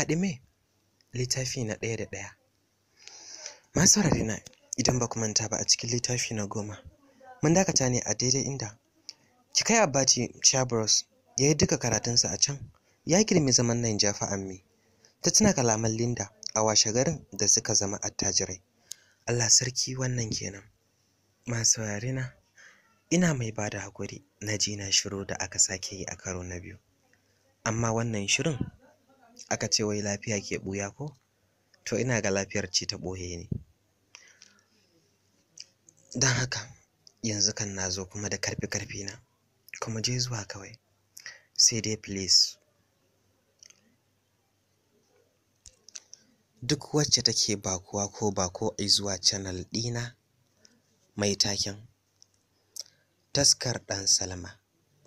Fadime littafi na ɗaya da ɗaya masu na idan ba ku manta ba a cikin littafi na goma mun dakata ne a daidai inda Ki kai abaci chabros ya yi duka karatunsa a can ya girmi zaman nan jafa amme ta tuna kalaman linda a washe garin da suka zama attajirai allah sarki wannan kenan masu na ina mai ba da hakuri na jina na shiru da aka sake yi a karo na biyu amma wannan shirin aka ce wai lafiya ke ɓuya ko to ina ga lafiyar ce ta ɓoye ne don haka yanzu kan na zo kuma da karfi karfi na kuma je zuwa kawai sai dai please duk wacce take bakuwa ko bako ai zuwa channel ɗina mai taken taskar ɗan salma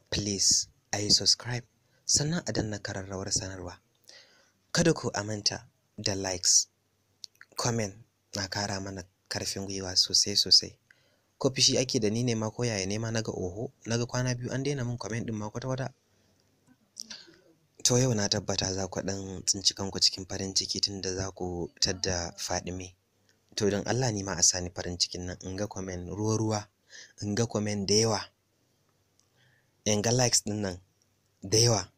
please ai subscribe sannan a danna kararrawar sanarwa kada ku amanta da likes comment na kara mana karfin gwiwa sosai sosai ko fishi ake da ni ne ma ko yaya ne ma naga oho naga kwana biyu an daina min comment din ma kwata kwata to yau na tabbata za ku dan tsinci kanku cikin farin ciki tunda za ku tadda Fadime to don Allah ni ma a sani farin cikin nan in ga comment ruwa ruwa in ga comment da yawa in ga likes din nan da yawa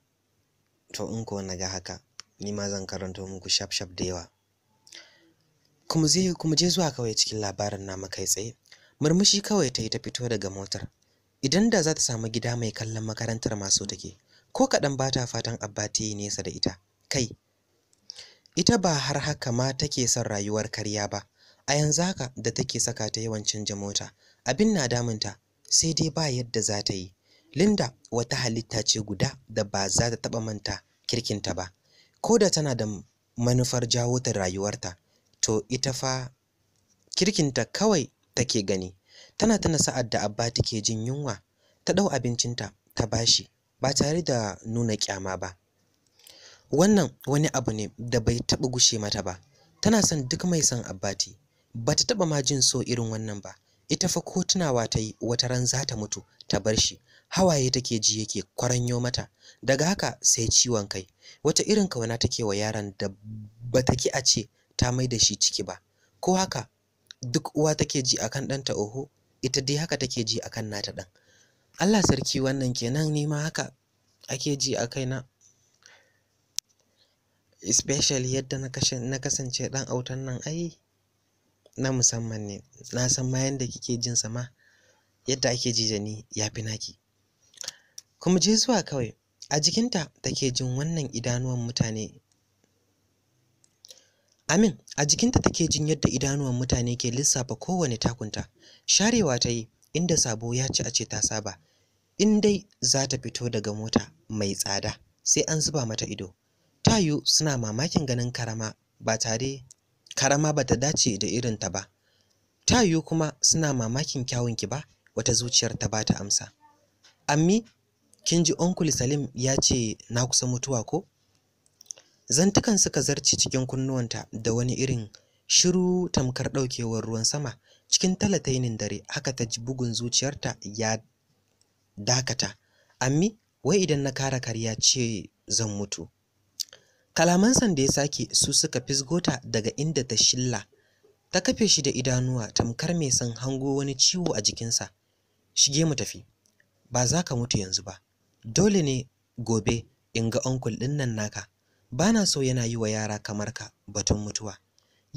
to in ko naga haka ni ma zan karanto muku shaf shaf da yawa kuma zai kuma je zuwa kawai cikin labarin nama kai tsaye murmushi kawai ta yi ta fito daga motar idan da za ta samu gida mai kallon makarantar masu take ko kaɗan ba ta fatan abba ta yi nesa da ita kai ita ba har haka ma take son rayuwar karya ba a yanzu haka da take saka ta yawan canja mota abin na damunta sai dai ba yadda za ta yi linda wata halitta ce guda da ba za ta taɓa manta kirkinta ba ko da tana da manufar jawo ta rayuwarta to ita fa kirkinta kawai take gani tana tana sa'ad da abba take jin yunwa ta ɗau abincinta ta bashi ba tare da nuna kyama ba wannan wani abu ne da bai taɓa gushe mata ba tana son duk mai son abbati ba ta taɓa ma jin so irin wannan ba ita fa ko tunawa ta yi wata ran za ta mutu ta bar shi hawaye take ji yake kwaranyo mata daga haka sai ciwon kai wata irin kauna take wa yaron da ba ta ki a ce ta mai da shi ciki ba ko haka duk uwa take ji akan ɗanta oho ita dai haka take ji akan nata ɗan Allah sarki wannan kenan ni ma haka ake ji a kaina especially yadda na kasance ɗan autan nan ai na musamman ne na san ma yadda kike jin sama yadda ake ji da ni ya fi naki kuma je zuwa kawai a jikinta take jin wannan idanuwan mutane Amin a jikinta take jin yadda idanuwan mutane ke lissafa kowane takunta sharewa ta yi inda sabo ya ci a ce ta saba in dai za ta fito daga mota mai tsada sai an zuba mata ido ta tayu suna mamakin ganin karama ba tare karama ba ta dace da irinta ba ta tayu kuma suna mamakin kyawunki ba wata zuciyar ta ba ta amsa ammi kin ji onkul salim ya ce na kusa mutuwa ko zantukan suka zarci cikin kunnuwanta da wani irin shiru tamkar ɗaukewar ruwan sama cikin talatainin dare haka ta ji bugun zuciyarta ya dakata ammi wai idan na kara karya ce zan mutu kalaman sanda ya sake su suka fisgota daga inda ta shilla ta kafe shi da idanuwa tamkar mai san hango wani ciwo a jikinsa shige mu tafi ba za ka mutu yanzu ba dole ne gobe in ga onkul din nan naka bana so yana yi wa yara kamar ka batun mutuwa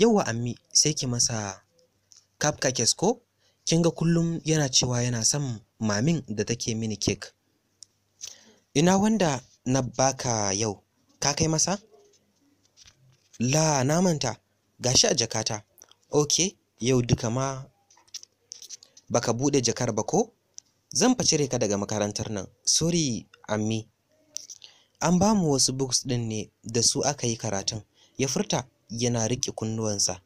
yau wa ammi sai ki masa kafka kes ko kin ga kullum yana cewa yana son mamin da take mini kek ina wanda na baka yau ka kai masa la na manta gashi a jakata okay yau duka ma baka bude jakar ba ko zan fa cire ka daga makarantar nan sorry ammi an ba mu wasu books ɗin ne da su aka yi karatun ya furta yana riƙe kunnuwansa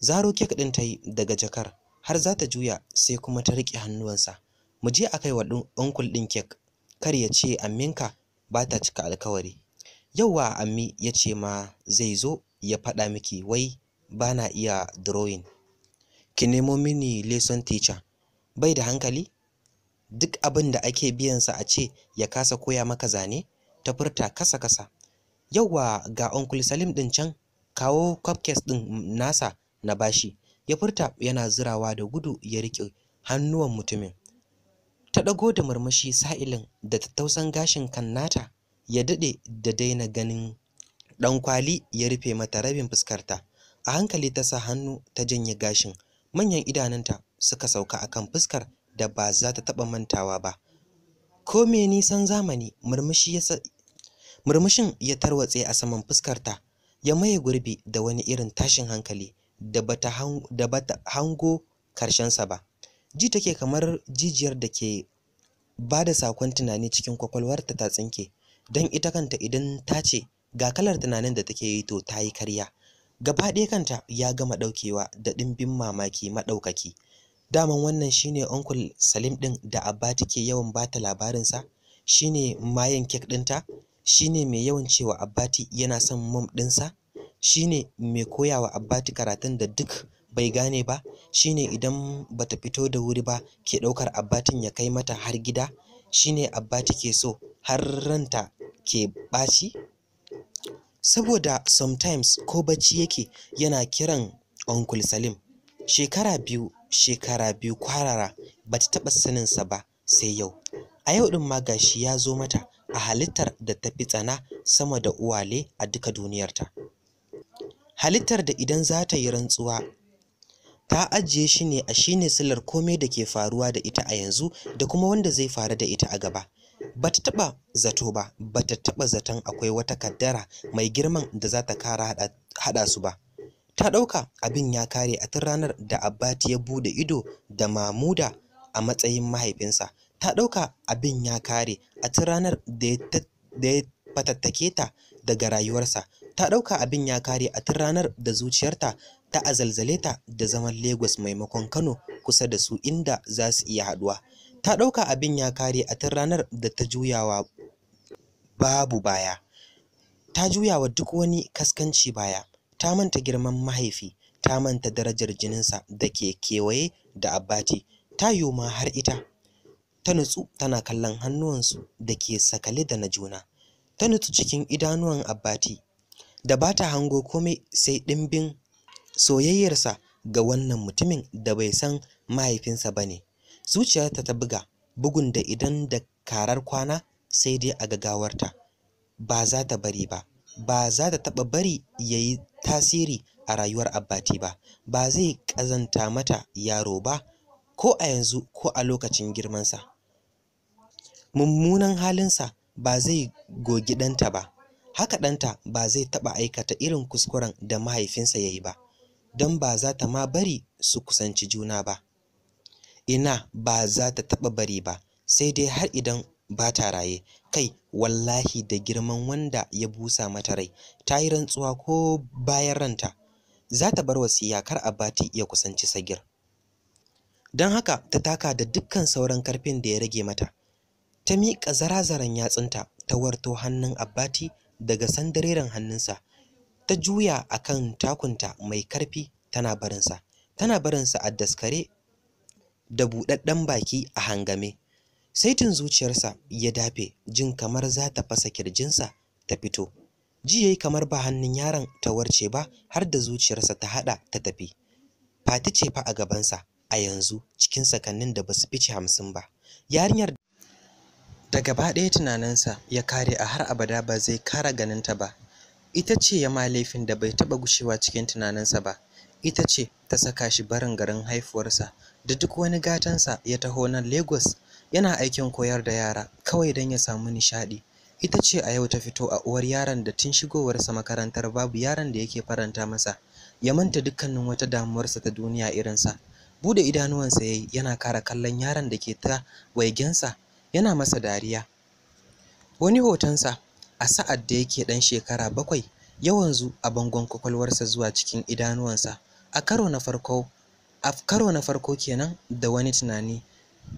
zaro kek din ta yi daga jakar har za ta juya sai kuma ta riƙe hannuwansa mu je a kai wa uncle ɗin kek kar ya ce amminka ba ta cika alkawari yauwa ammi ya ce ma zai zo ya faɗa miki wai ba na iya drawing ki nemo mini lesson teacher bai da hankali duk abin da ake biyansa a ce ya kasa koya maka zane ta furta kasa kasa yauwa ga uncle salim ɗin can kawo cupcakes ɗin nasa na bashi ya furta yana zirawa da gudu ya riƙe hannuwan mutumin ta ɗago da murmushi sa'ilin da tattausan gashin kan nata ya daɗe da daina ganin ɗan kwali ya rufe mata rabin fuskarta a hankali ta sa hannu ta janye gashin manyan idanunta suka sauka akan fuskar da ba za ta taɓa mantawa ba ko me nisan zamani murmushin ya tarwatse a saman fuskarta ya maye gurbi da wani irin tashin hankali da bata hango karshensa ba ji take kamar jijiyar da ke ba da sakon tunani cikin kwakwalwarta ta tsinke don ita kanta idan ta ce ga kalar tunanin da take yi to ta yi karya gaba ɗaya kanta ya gama ɗaukewa da ɗimbin mamaki maɗaukaki daman wannan shine uncle Salim din da Abba take yawan bata sa shine mayan kek ɗinta shine mai yawan cewa Abbati yana son mom ɗinsa shine mai koyawa Abbati karatun da duk bai gane ba shine idan bata fito da wuri ba ke ɗaukar Abbatin ya kai mata har gida shine Abbati ke so har ranta ke ɓaci saboda sometimes ko bacci yake yana kiran uncle Salim shekara biyu shekara biyu kwarara ba ta taɓa saninsa ba sai yau a yau ɗin ma gashi ya zo mata a halittar da ta fi tsana sama da uwale a duka duniyarta halittar da idan za ta yi rantsuwa ta ajiye shi ne a shine silar komai da ke faruwa da ita a yanzu da kuma wanda zai faru da ita a gaba ba ta taɓa zato ba ba ta taɓa zaton akwai wata kaddara mai girman da za ta kara haɗa su ba ta ɗauka abin ya kare a tun ranar da abbati ya bude ido da mamuda a matsayin mahaifinsa ta ɗauka abin ya kare a tun ranar da ya fatattake ta daga rayuwarsa ta ɗauka abin ya kare a tun ranar da zuciyarta ta azalzale ta da zaman Lagos maimakon Kano kusa da su inda za su iya haɗuwa. Ta ɗauka abin ya kare a tun ranar da ta juyawa babu baya. Ta juyawa duk wani kaskanci baya. ta manta girman mahaifi ta manta darajar jininsa da ke kewaye da abati. ta yiwu ma har ita ta nutsu tana kallon hannuwansu da ke sakale da na juna ta nutsu cikin idanuwan abati da ba ta hango komai sai ɗimbin soyayyarsa ga wannan mutumin da bai san mahaifinsa ba ne zuciyarta ta buga bugun da idan da karar kwana sai dai a gagawarta ba za ta bari ba ba za ta taɓa bari ya yi tasiri a rayuwar Abbati ba, ba zai ƙazanta mata yaro ba ko a yanzu ko a lokacin girmansa. Mummunan halinsa ba zai gogi ɗanta ba, haka ɗanta ba zai taɓa aikata irin kuskuren da mahaifinsa ya yi ba, don ba za ta ma bari su kusanci juna ba. Ina ba za ta taɓa bari ba, sai dai har idan ba ta raye kai wallahi da girman wanda ya busa mata rai ta yi rantsuwa ko bayan ranta za ta bar wasiya kar abati ya kusanci sagir don haka ta taka da dukkan sauran karfin da ya rage mata ta miƙa zarazaran yatsunta ta warto hannun abati daga sandareren hannunsa ta juya a kan takunta mai karfi tana barinsa tana barinsa a daskare da buɗaɗɗen baki a hangame sai saitin zuciyarsa ya dafe jin kamar za ta fasa kirjinsa ta fito ji yayi kamar ba hannun yaron ta warce ba har da zuciyarsa ta hada ta tafi fati ce fa a gabansa a yanzu cikin sakannin da basu fice hamsin ba yarinyar da gaba ɗaya tunaninsa ya kare a har abada ba zai kara ganinta ba ita ce ya ma laifin da bai taɓa gushewa cikin tunaninsa ba ita ce ta saka shi barin garin haifuwarsa da duk wani gatansa ya taho nan lagos yana aikin koyar da yara kawai don ya samu nishaɗi ita ce a yau ta fito a uwar yaron da tun shigowarsa makarantar babu yaron da yake faranta masa ya manta dukkanin wata damuwarsa ta duniya irinsa bude idanuwansa yayi yana kara kallon yaron da ke ta waigensa yana masa dariya wani hotonsa a sa'ad da yake ɗan shekara bakwai ya wanzu a bangon kwakwalwarsa zuwa cikin idanuwansa a karo na farko kenan da wani tunani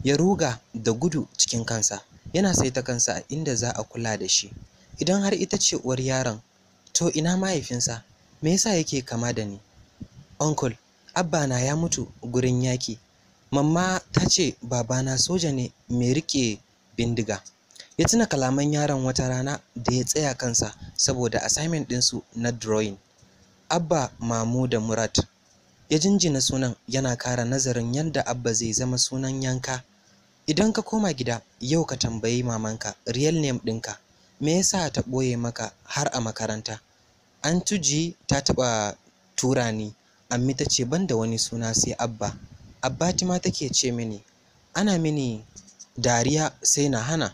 ya ruga da gudu cikin kansa yana saita kansa a inda za a kula da shi idan har ita ce uwar yaron to ina mahaifinsa me yasa yake kama da ni uncle abba na ya mutu gurin yaki mamma ta ce babana soja ne mai riƙe bindiga ya tuna kalaman yaron wata rana da ya tsaya kansa saboda assignment ɗinsu na drawing abba mamu da murat ya jinjina sunan yana kara nazarin yadda abba zai zama sunan yanka idan ka koma gida yau ka tambayi mamanka real name ɗinka me yasa ta ɓoye maka har a makaranta an tuji ta taɓa tura ni ammi ta ce ban wani suna sai abba abbati ma take ce mini ana mini dariya sai na hana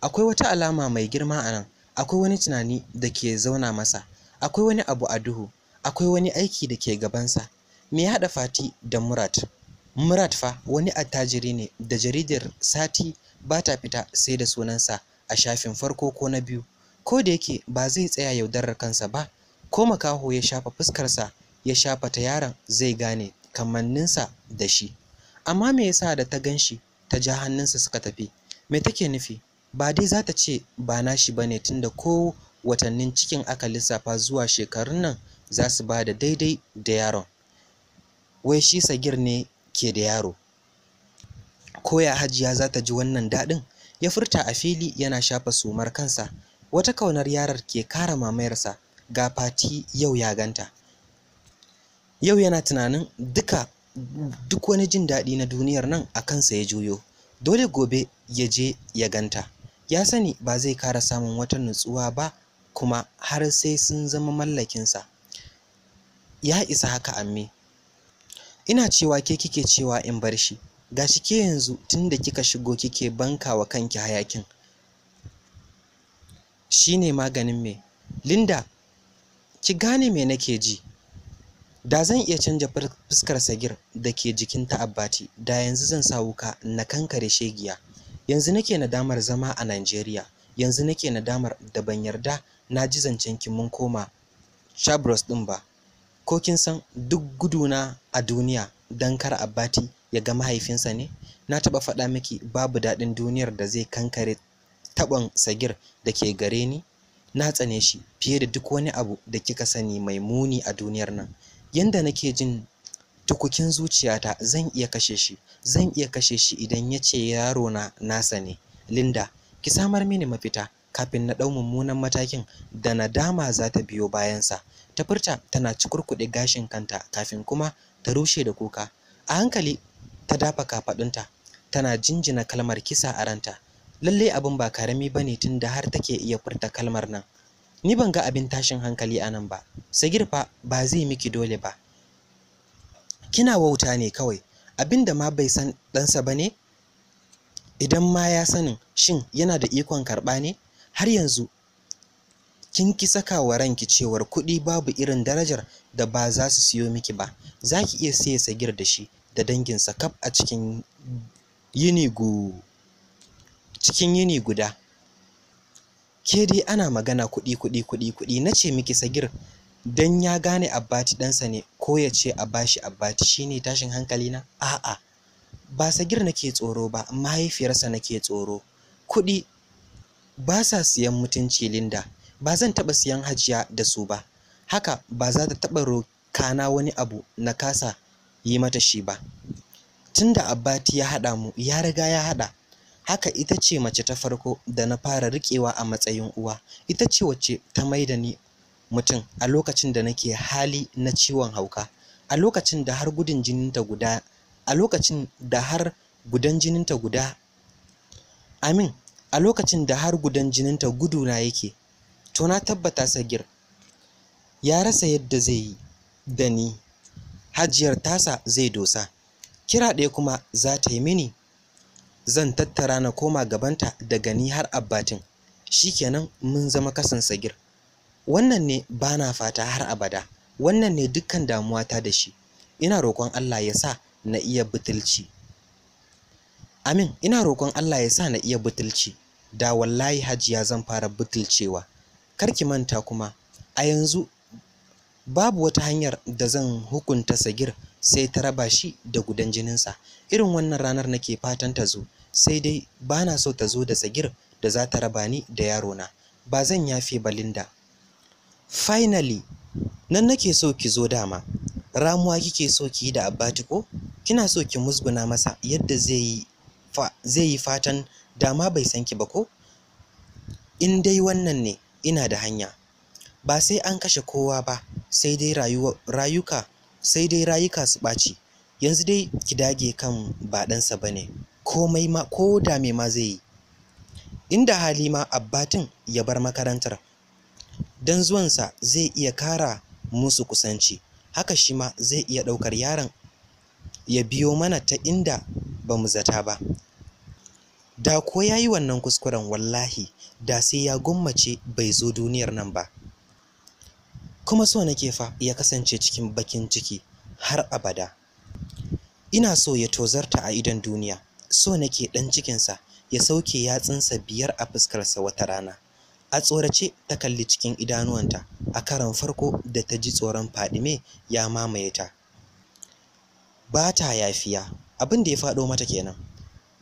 akwai wata alama mai girma a nan akwai wani tunani da ke zauna masa akwai wani abu a duhu akwai wani aiki da ke gabansa me ya haɗa fati da murat murat fa wani attajiri ne da jaridar sati ba ta fita sai da sunansa a shafin farko ko na biyu ko da yake ba zai tsaya yaudarar kansa ba ko makaho ya shafa fuskarsa ya shafa ta yaron zai gane kamanninsa da shi amma me yasa da ta gan shi ta ja hannunsa suka tafi me take nufi ba dai za ta ce ba na shi ba ne tunda ko watannin cikin aka lissafa zuwa shekarun nan za su ba da daidai da yaron wai shi sagir ne ke da yaro koya hajiya za ta ji wannan daɗin ya furta a fili yana shafa sumar kansa wata kaunar yarar ke kara mamayarsa ga fati yau ya ganta yau yana tunanin duka duk wani jin daɗi na duniyar nan a kansa ya juyo dole gobe ya je ya ganta ya sani ba zai kara samun wata nutsuwa ba kuma har sai sun zama mallakinsa ya isa haka amme ina cewa ke kike cewa in bar shi gashi ke yanzu tun da kika shigo kike banka wa kanki hayakin shine maganin me linda ki gane me nake ji da zan iya canja fuskar sagir da ke jikin abbati da yanzu zan sa wuka na kankare shegiya yanzu nake nadamar zama a Najeriya yanzu nake nadamar da ban yarda na ji zancen ki mun koma Chabros din ba ko kin san duk guduna a duniya don kar abati ya ga mahaifinsa ne na taɓa faɗa miki babu daɗin duniyar da zai kankare taɓon sagir da ke gare ni na tsane shi fiye da duk wani abu da kika sani mai muni a duniyar nan yanda nake jin tukukin zuciyata zan iya kashe shi zan iya kashe shi idan ya ce yaro na nasa ne linda ki samar mini mafita kafin na ɗau mummunan matakin da nadama za ta biyo bayansa ta furta tana cikurkuɗe gashin kanta kafin kuma ta rushe da kuka a hankali ta dafa kafaɗunta tana jinjina kalmar kisa a ranta lalle abin ba karami ba ne tun da har take iya furta kalmar nan ni ban ga abin tashin hankali a nan ba sagir fa ba zai miki dole ba kina wauta ne kawai abin da ma bai san ɗansa ba ne idan ma ya sanin shin yana da ikon karɓa ne har yanzu kin ki saka wa ranki cewar kuɗi babu irin darajar da ba za su siyo miki ba za ki iya siya sagir da shi da danginsa kaf a cikin yini gu cikin yini guda ke dai ana magana kuɗi kuɗi kuɗi kuɗi na ce miki sagir dan ya gane abbati ɗansa ne ko ya ce a bashi abbati shine tashin hankali na a'a ba sagir nake tsoro ba mahaifiyarsa nake tsoro kuɗi ba sa siyan mutunci Linda ba zan taɓa siyan hajiya da su ba haka ba za ta taɓa rokana wani abu na kasa yi mata shi ba tunda abbati ya haɗa mu ya riga ya haɗa haka ita ce mace ta farko da na fara riƙewa a matsayin uwa ita ce wacce ta maida ni mutum a lokacin da nake hali na ciwon hauka a lokacin da har gudun jininta guda a lokacin da har gudan jininta guda amin a lokacin da har gudan jininta guduna yake to na tabbata sagir ya rasa yadda zai yi da ni hajiyar tasa zai dosa kira ɗaya kuma za ta yi mini zan tattara na koma gabanta daga ni har abbatin shikenan mun zama kasan sagir wannan ne ba na fata har abada wannan ne dukkan damuwata da shi ina roƙon Allah ya sa na iya butulci Amin, ina roƙon Allah ya sa na iya butulci, da wallahi hajiya zan fara butulcewa. Kar ki manta kuma, a yanzu babu wata hanyar da zan hukunta Sagir sai ta raba shi da gudan jininsa. Irin wannan ranar nake fatan ta zo, sai dai ba na so ta zo da Sagir da za ta raba ni da yaro na. Ba zan yafe ba Linda. Finally, nan nake so ki zo dama. Ramuwa kike so ki yi da Abbatiko? Kina so ki musguna masa yadda zai yi zai yi fatan dama bai san ki ba ko in dai wannan ne ina da hanya ba sai an kashe kowa ba sai dai rayuka sai dai rayuka su ɓaci yanzu dai ki dage kan ba ɗansa ba ne komai ma ko da me ma zai yi inda hali ma abbatin ya bar makarantar don zuwansa zai iya kara musu kusanci haka shi ma zai iya ɗaukar yaron ya biyo mana ta inda ba mu zata ba da ko ya yi wannan kuskuren wallahi da sai ya gwammace bai zo duniyar nan ba kuma so nake fa ya kasance cikin bakin ciki har abada ina so ya tozarta a idan duniya so nake ɗan cikinsa ya sauke yatsunsa biyar a fuskarsa wata rana a tsorace ta kalli cikin idanuwanta a karon farko da ta ji tsoron fadime ya mamaye ta ba ta yafiya abin da ya faɗo mata kenan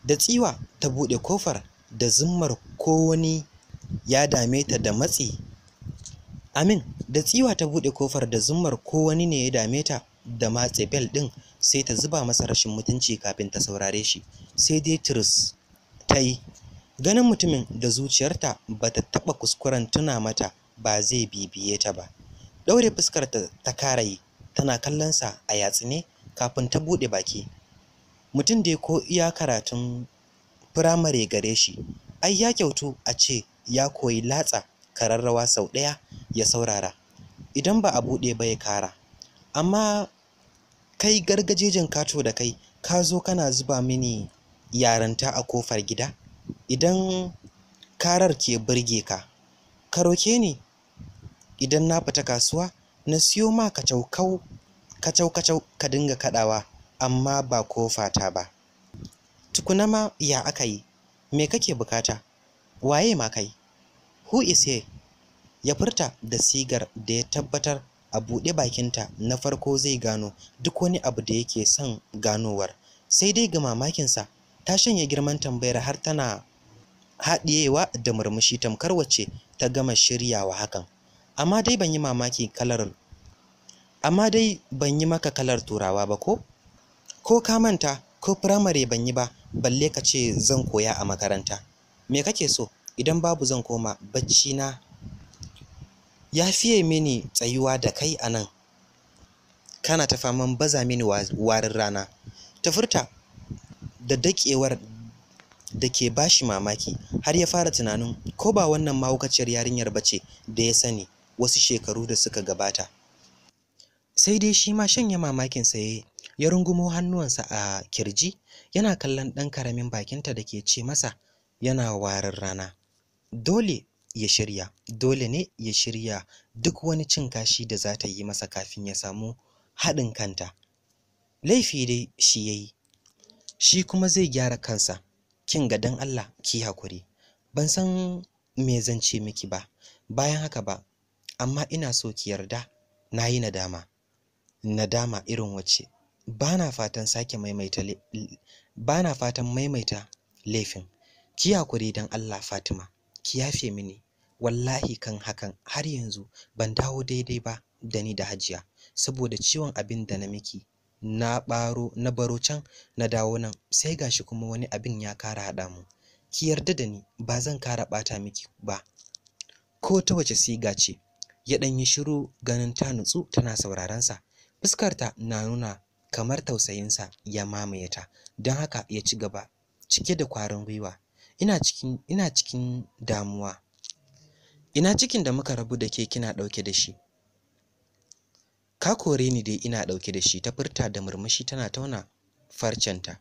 da tsiwa ta buɗe kofar da zummar ko wani ya dame ta da matsi amin da tsiwa ta buɗe kofar da zummar ko wani ne ya dame ta da matse bel ɗin sai ta zuba masa rashin mutunci kafin ta saurare shi sai dai tirs ta yi ganin mutumin da zuciyarta ba ta taɓa kuskuren tuna mata ba zai bibiye ta ba ɗaure fuskarta ta kara yi tana kallonsa a yatsune kafin ta buɗe baki mutum dai ko iya karatun firamare gare shi ai ya kyautu a ce ya koyi latsa kararrawa sau ɗaya ya saurara idan ba a buɗe ba ya kara amma kai gargajejin kato da kai ka zo kana zuba mini yaranta a kofar gida idan karar ke birge ka ka roke ni idan na fita kasuwa na siyo ma kacaukau kacau-kacau ka dinga kaɗawa amma ba ko fata ba tukuna ma ya aka yi me kake bukata waye ma kai who is he ya furta da sigar da ya tabbatar a buɗe bakinta na farko zai gano duk wani abu da yake son ganowar sai dai ga mamakinsa ta shanye girman tambayar har tana haɗiyewa da murmushi tamkar wacce ta gama shiryawa hakan amma dai ban yi mamaki kalar amma dai ban yi maka kalar turawa ba ko ko ka manta ko firamare ban yi ba balle ka ce zan koya a makaranta me kake so idan babu zan koma bacci na ya fiye mini tsayuwa da kai a nan kana ta faman baza mini warin rana ta furta da daƙewar da ke bashi mamaki har ya fara tunanin ko ba wannan mahaukaciyar yarinyar bace da ya sani wasu shekaru da suka gabata sai dai shi ma shanye mamakin saye ya rungumo hannuwansa a kirji yana kallon ɗan karamin bakinta da ke ce masa yana warin rana dole ya shirya dole ne ya shirya duk wani cin kashi da za ta yi masa kafin ya samu haɗin kanta laifi dai shi ya shi kuma zai gyara kansa kin ga dan Allah ki hakuri ban san me zan ce miki ba bayan haka ba amma ina so ki yarda na yi nadama nadama irin wacce bana fatan sake maimaita bana fatan maimaita laifin ki hakuri dan Allah Fatima ki yafe mini wallahi kan hakan har yanzu ban dawo daidai ba da ni da Hajiya saboda ciwon abin da na miki na baro na baro can na dawo nan sai gashi kuma wani abin ya kara hada mu ki yarda da ni ba zan kara bata miki ba ko ta wace siga ce ya dan yi shiru ganin ta nutsu tana sauraron sa fuskarta na nuna kamar tausayinsa ya mamaye ta don haka ya ci gaba cike da kwarin gwiwa ina cikin damuwa ina cikin da muka rabu da ke kina ɗauke da shi ka kore ni dai ina ɗauke da shi ta furta da murmushi tana tauna farcenta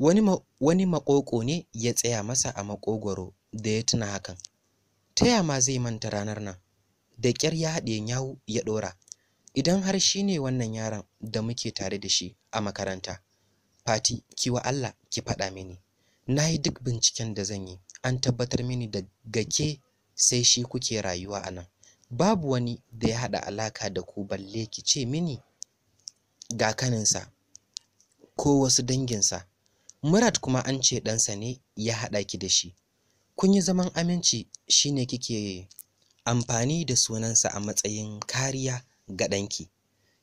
wani ma, wani makoko ne ya tsaya masa a maƙogwaro da ya tuna hakan ta ma zai manta ranar nan da kyar ya haɗe yawo ya ɗora idan har shi ne wannan yaron da muke tare da shi a makaranta fati kiwa Allah ki faɗa mini na yi duk binciken da zan yi an tabbatar mini da gake sai shi kuke rayuwa a nan babu wani da ya haɗa alaka da ku balle ki ce mini ga kaninsa ko wasu danginsa Murad kuma an ce ɗansa ne ya haɗa ki da shi kun yi zaman aminci shine kike amfani da sunansa a matsayin kariya ga ɗanki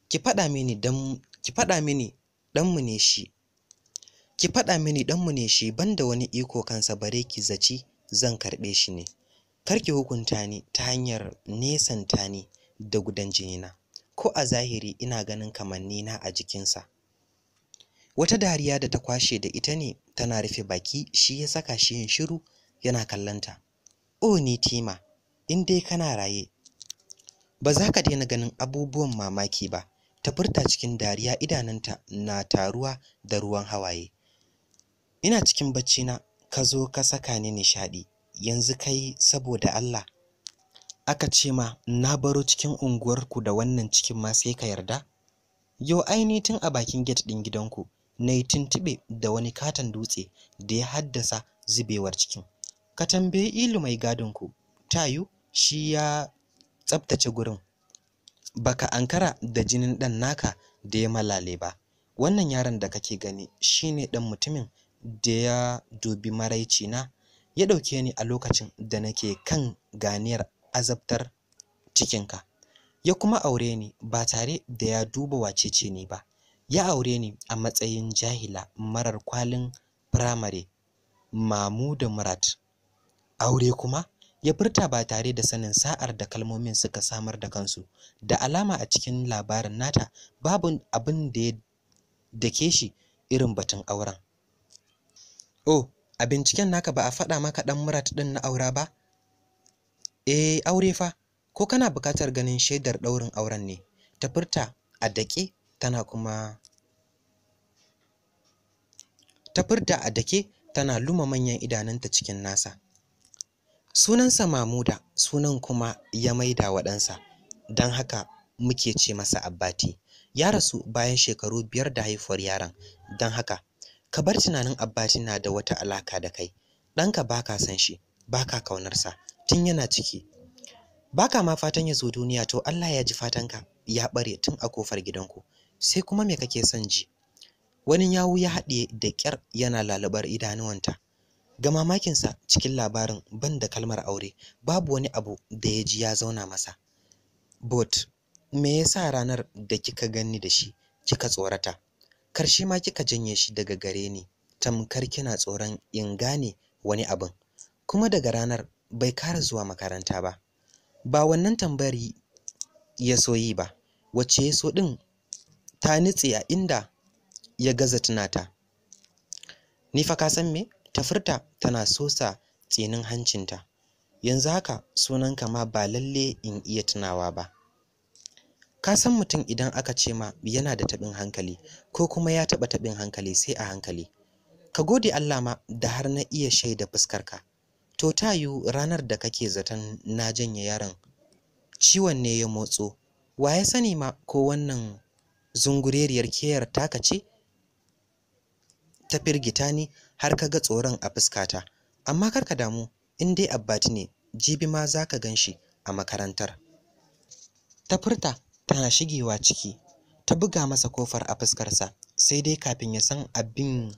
ki faɗa mini dan ki faɗa mini ɗanmu ne shi ki faɗa mini ɗanmu ne shi banda wani iko kansa bare ki zaci zan karɓe shi ne kar ki hukunta ni ta hanyar nesanta ni da gudan jinina ko a zahiri ina ganin kamannina a jikinsa wata dariya da ta kwashe da ita ne tana rufe baki shi ya saka shi yin shiru yana kallanta o ni tima in dai kana raye ba za ka daina ganin abubuwan mamaki ba ta furta cikin dariya idanunta na taruwa da ruwan hawaye ina cikin bacci na ka zo ka saka ni nishaɗi yanzu kai saboda Allah aka ce ma na baro cikin unguwarku da wannan cikin ma sai ka yarda yo aini tun a bakin gate ɗin gidanku na yi tuntuɓe da wani katon dutse da ya haddasa zubewar cikin ka tambayi ilu mai ku, tayu shi ya tsaftace gurin baka ankara da jinin ɗan naka da ya malale ba wannan yaron da kake gani shine ɗan mutumin da ya dubi maraici na ya ɗauke ni a lokacin da nake kan ganiyar azabtar cikinka ya kuma aure ni ba tare da ya duba wacece ni ba ya aure ni a matsayin jahila marar kwalin firamare mamu da murat aure kuma ya furta ba tare da sanin sa'ar da kalmomin suka samar da kansu da alama a cikin labarin nata babu abin da ya dake shi irin batun auren oh a binciken naka ba a faɗa maka ɗan murat ɗin na aura ba eh aure fa ko kana buƙatar ganin shaidar ɗaurin auren ne ta furta a daƙe tana kuma ta furta a dake tana luma manyan idanunta cikin nasa sunansa mamuda sunan kuma ya maida wa ɗansa don haka muke ce masa abbati ya rasu bayan shekaru biyar da haifuwar yaron don haka ka bar tunanin abbati na da wata alaka da kai ɗanka ba ka san shi ba ka kaunarsa tun yana ciki ba ka ma fatan ya zo duniya to allah ya ji fatanka ya ɓare tun a kofar gidanku sai kuma me kake son ji wani yawu ya haɗe da ƙyar yana lalubar idanuwanta Ga mamakinsa cikin labarin ban da kalmar aure, babu wani abu da ya ji ya zauna masa. But, me yasa ranar da kika ganni da shi, kika tsorata? Karshe ma kika janye shi daga gare ni, tamkar kina tsoron in gane wani abin. Kuma daga ranar bai kara zuwa makaranta ba. Ba wannan tambayar ya soyi ba, wacce ya so din? ta nitse a inda ya gaza tunata. Ni fa ka san me? ta furta tana sosa tsinin hancinta yanzu haka sunan ka ma ba lalle in iya tunawa ba ka san mutum idan aka ce ma yana da taɓin hankali ko kuma ya taɓa taɓin hankali sai a hankali ka gode Allah ma da har na iya shaida fuskar ka. to ta yu ranar da kake zaton na janye yaron ciwon ne ya motso wa ya sani ma ko wannan zungureriyar keyar taka ce ta firgita ni har ka ga tsoron a fuskata amma kar ka damu in dai abbati ne jibi ma za ka gan shi a makarantar ta furta tana shigewa ciki ta buga masa kofar a fuskarsa sai dai kafin ya san abin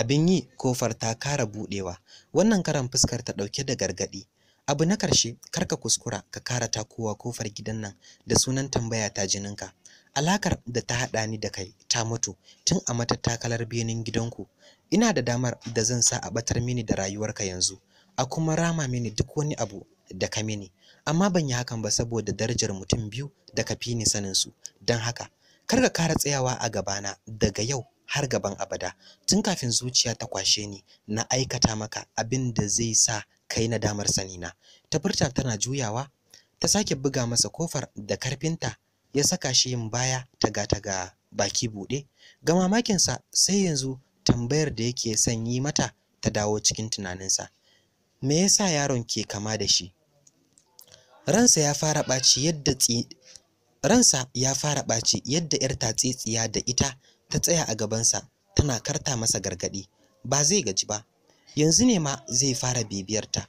abin yi kofar ta kara budewa wannan karan fuskar ta dauke da gargadi abu na karshe kar ka kuskura ka kara takowa kofar gidan nan da sunan tambaya ta jininka alakar da ta haɗa ni da kai ta mutu tun a matattakalar benin gidanku ina da damar da zan sa a ɓatar mini da rayuwarka yanzu a kuma rama mini duk wani abu da ka mini amma ban yi hakan ba saboda darajar mutum biyu da ka fi ni sanin su don haka kar ka kara tsayawa a gabana daga yau har gaban abada tun kafin zuciya ta kwashe ni na aikata maka abin da zai sa kai na nadamar sanina ta furta tana juyawa ta sake buga masa kofar da karfinta ya saka shi yin baya ta ga baki buɗe ga mamakinsa sai yanzu tambayar da yake son yi mata ta dawo cikin tunaninsa me yasa yaron ke kama da shi ransa ya fara ɓaci yadda tsi ransa ya fara ɓaci yadda 'yar tatsitsiya da ita ta tsaya a gabansa tana karta masa gargadi. ba zai gaji ba yanzu ne ma zai fara bibiyarta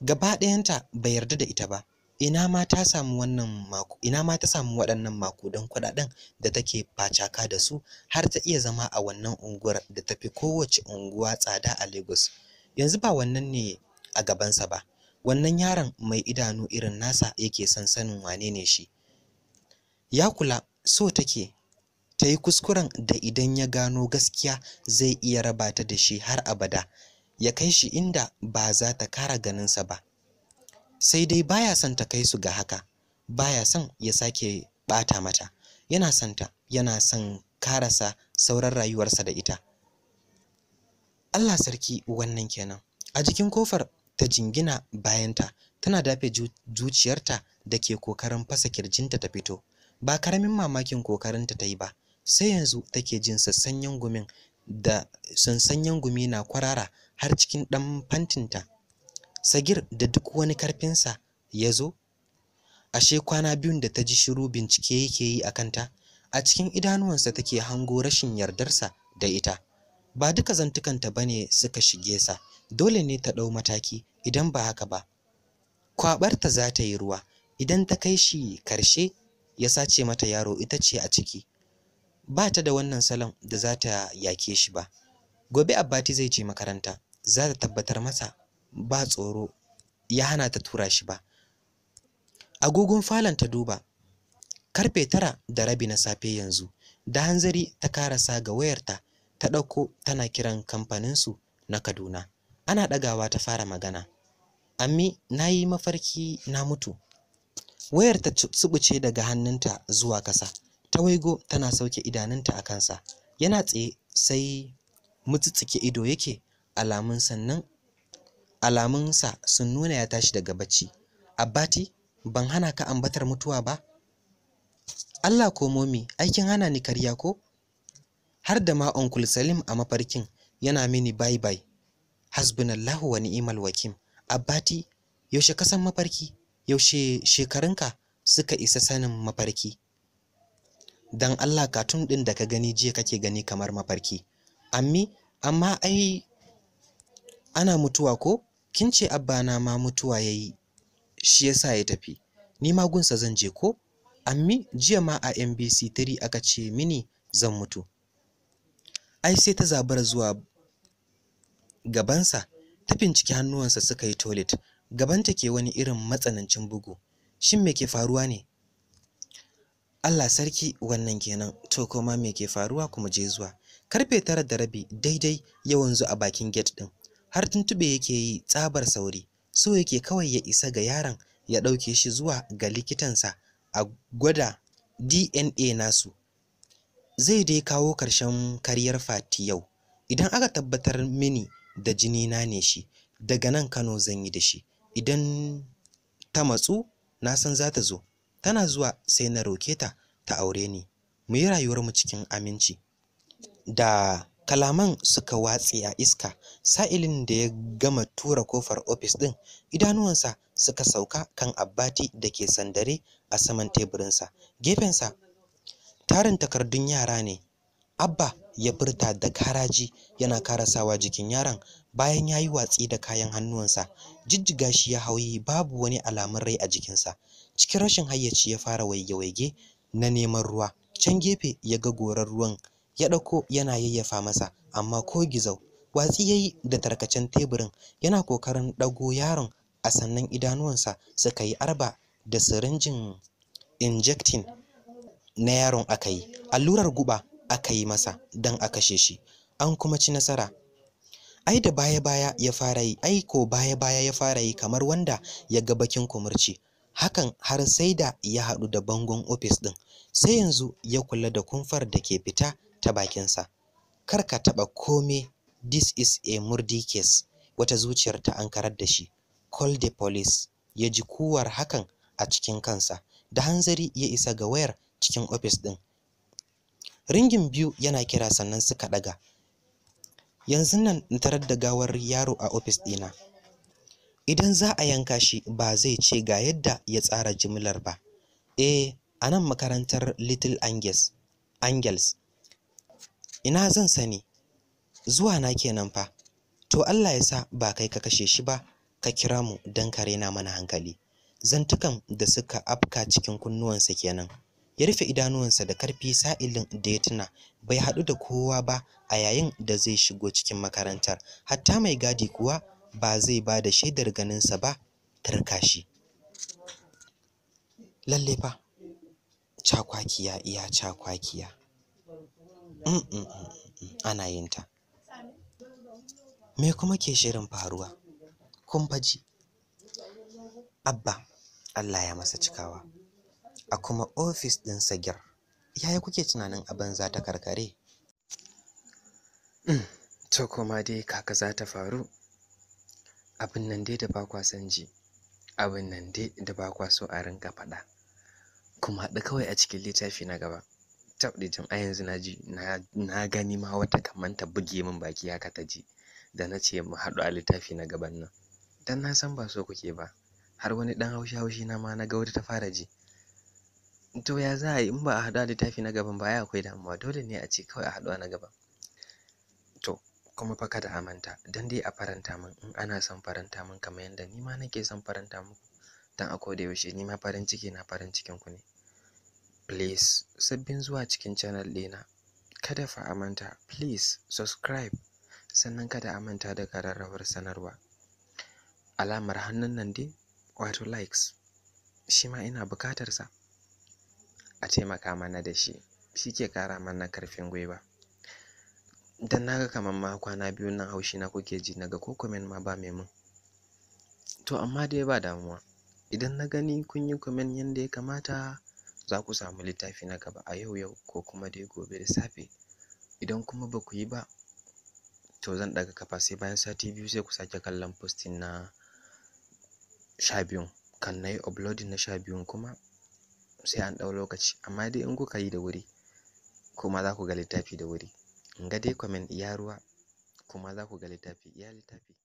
gaba ɗayanta bai yarda da ita ba ina ma ta samu wannan mako ina ma ta samu waɗannan makudan kuɗaɗen da take facaka da su har ta iya zama a wannan unguwar da ta fi kowace unguwa tsada a Lagos yanzu ba wannan ne a gabansa ba wannan yaron mai idanu irin nasa yake son sanin wane ne shi ya kula so take ta yi kuskuren da idan ya gano gaskiya zai iya raba ta da shi har abada ya kai shi inda ba za ta kara ganinsa ba sai dai baya son ta kai su ga haka baya son ya sake bata mata yana son ta yana son karasa sauran rayuwarsa da ita Allah sarki wannan kenan a jikin kofar ta jingina bayanta tana dafe zuciyarta da ke kokarin fasa kirjinta ta fito ba karamin mamakin kokarinta ta yi ba sai yanzu take jin sassanyen gumin da sansanyen gumi na kwarara har cikin ɗan fantinta sagir da duk wani karfinsa ya zo ashe kwana biyun da ta ji shiru bincike yake yi a kanta a cikin idanuwansa take hango rashin yardarsa da ita ba duka zantukanta ba ne suka shige sa dole ne ta ɗau mataki idan ba haka ba kwaɓarta za ta yi ruwa idan ta kai shi karshe ya sace mata yaro ita ce a ciki ba ta da wannan salon da za ta yake shi ba gobe abbati zai je makaranta za ta tabbatar masa ba tsoro ya hana ta tura shi ba agogon falon ta duba karfe tara da rabi na safe yanzu da hanzari ta karasa ga wayarta ta ɗauko tana kiran kamfaninsu na kaduna ana ɗagawa ta fara magana ammi na yi mafarki na mutu wayar ta tsubuce daga hannunta zuwa ƙasa ta waigo tana sauke idanunta a kansa yana tsaye sai mutsitsike ido yake alamun sannan alamunsa sun nuna ya tashi daga bacci abbati ban hana ka ambatar mutuwa ba Allah ko momi aikin hana ni karya ko har da ma onkul salim a mafarkin yana mini bye bye hasbunallahu wa ni'mal wakim abbati yaushe ka san mafarki yaushe shekarunka suka isa sanin mafarki dan Allah katun din da ka gani jiya kake gani kamar mafarki ammi amma ai ana mutuwa ko kin ce abba na ma mutuwa yayi shi yasa ya tafi ni ma gunsa zan je ko ammi jiya ma a MBC 3 aka ce mini zan mutu ai sai ta zabar zuwa gabansa ta binciki hannuwansa suka yi toilet gabanta ke wani irin matsanancin bugu shin me ke faruwa ne Allah sarki wannan kenan to kuma me ke faruwa kuma je zuwa karfe tara da rabi daidai ya wanzu a bakin gate din har tuntuɓe yake yi tsabar sauri so yake kawai ya isa ga yaron ya ɗauke shi zuwa ga likitansa a gwada dna nasu zai dai kawo ƙarshen kariyar fati yau idan aka tabbatar mini da jini na ne shi daga nan kano zan yi da shi idan ta matsu na san za ta zo tana zuwa sai na roke ta ta aure ni mu yi rayuwarmu cikin aminci da kalaman suka watse a iska sa'ilin da ya gama tura kofar ofis ɗin idanuwansa suka sauka kan abbati da ke sandare a saman teburinsa gefensa tarin takardun yara ne abba ya furta da karaji yana karasawa jikin yaron bayan ya yi watsi da kayan hannuwansa jijjiga shi ya hauyi babu wani alamun rai a jikinsa cikin rashin hayyaci ya fara waige-waige na neman ruwa can gefe ya ga goran ruwan ya ɗauko yana yayyafa masa amma ko gizau watsi ya yi da tarkacen teburin yana kokarin ɗago yaron a sannan idanuwansa suka yi arba da sirinjin injectin na yaron aka yi allurar guba aka yi masa don a kashe shi an kuma ci nasara ai da baya-baya ya fara yi ai ko baya-baya ya fara yi kamar wanda ya ga bakin kumurci hakan har sai da ya haɗu da bangon ofis ɗin sai yanzu ya kula da kumfar da ke fita ta bakinsa. Kar ka taɓa komai this is a murder case, wata zuciyar ta ankarar da shi. Call the police, ya ji kuwar hakan a cikin kansa. Da hanzari ya isa ga wayar cikin ofis ɗin. Ringin biyu yana kira sannan suka ɗaga. Yanzu nan in tarar da gawar yaro a ofis ɗina. Idan za a yanka shi ba zai ce ga yadda ya tsara jimlar ba. Eh, a nan makarantar Little Angels, Angels ina zan sani zuwa na kenan fa to Allah ya sa ba kai ka kashe shi ba ka kira mu dan ka mana hankali zantukan da suka afka cikin kunnuwansa kenan ya rufe idanuwansa da karfi sa'ilin da ya tuna bai haɗu da kowa ba a yayin da zai shigo cikin makarantar hatta mai gadi kuwa ba zai ba da shaidar ganinsa ba tarkashi. lalle fa cakwakiya iya cakwakiya Mm, mm, mm, ana yin ta me kuma ke shirin faruwa kun faji abba Allah ya masa cikawa a kuma ofis din sagir yaya kuke tunanin abin za ta karkare to kuma dai kaka za ta faru abin nan dai da ba kwa son ji abin nan dai da ba kwa so a rinka faɗa kuma haɗu kawai a cikin littafi na gaba tab da a yanzu na ji na gani ma wata kaman ta buge min baki haka ta ji da na ce mu haɗu a littafi na gaban nan dan na san ba so kuke ba har wani dan haushi haushi na ma na ga wata ta fara ji to ya za a yi in ba a haɗu a littafi na gaban ba ya akwai damuwa dole ne a ce kawai a haɗu na gaban to kuma fa kada a manta dan dai a faranta min in ana son faranta min kamar yadda ni ma nake son faranta muku dan a koda yaushe ni ma farin ciki na farin cikin ku ne please sabbin zuwa cikin channel ɗina kada fa a manta please subscribe sannan kada a manta da ƙararrawar sanarwa alamar hannun nan dai wato likes shi ma ina sa. a taimaka mana da shi shi ke ƙara mana karfin gwiwa dan naga kamar ma kwana biyu nan haushi na kuke ji naga ko comment ma ba mai mun to amma dai ba damuwa idan na gani kun yi comment yanda ya kamata za ku samu littafi na gaba a yau yau ko kuma dai gobe da safe idan kuma ba ku yi ba to zan ɗaga kafa sai bayan sati biyu sai ku sake kallon postin na sha biyun kan na yi uploading na sha biyun kuma sai an ɗau lokaci amma dai in kuka yi da wuri kuma za ku ga littafi da wuri in ga dai comment iya ruwa kuma za ku ga littafi iya littafi